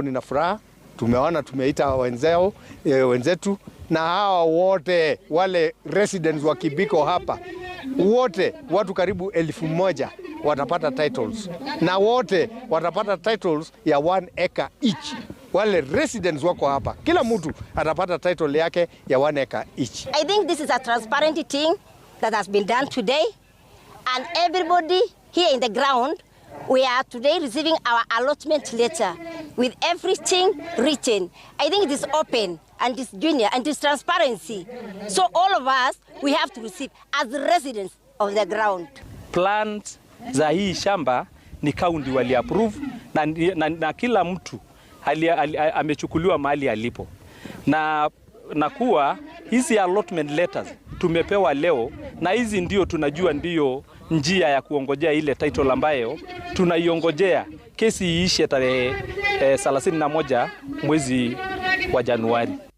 Nina furaha tumeona, tumeita wenzao e, wenzetu na hawa wote wale residents wa Kibiko hapa wote watu karibu elfu moja watapata titles na wote watapata titles ya one acre each. Wale residents wako hapa, kila mtu atapata title yake ya one acre each. I think this is a transparent thing that has been done today and everybody here in the ground we are today receiving our allotment letter with everything written. I think it is open and it's junior and it's transparency. So all of us, we have to receive as residents of the ground. Plant za hii shamba ni kaundi wali approve na, na, na kila mtu hali, hali, amechukuliwa mahali alipo na, na kuwa hizi allotment letters tumepewa leo, na hizi ndio tunajua ndiyo njia ya kuongojea ile title ambayo tunaiongojea kesi iishe tarehe 31 eh, mwezi wa Januari.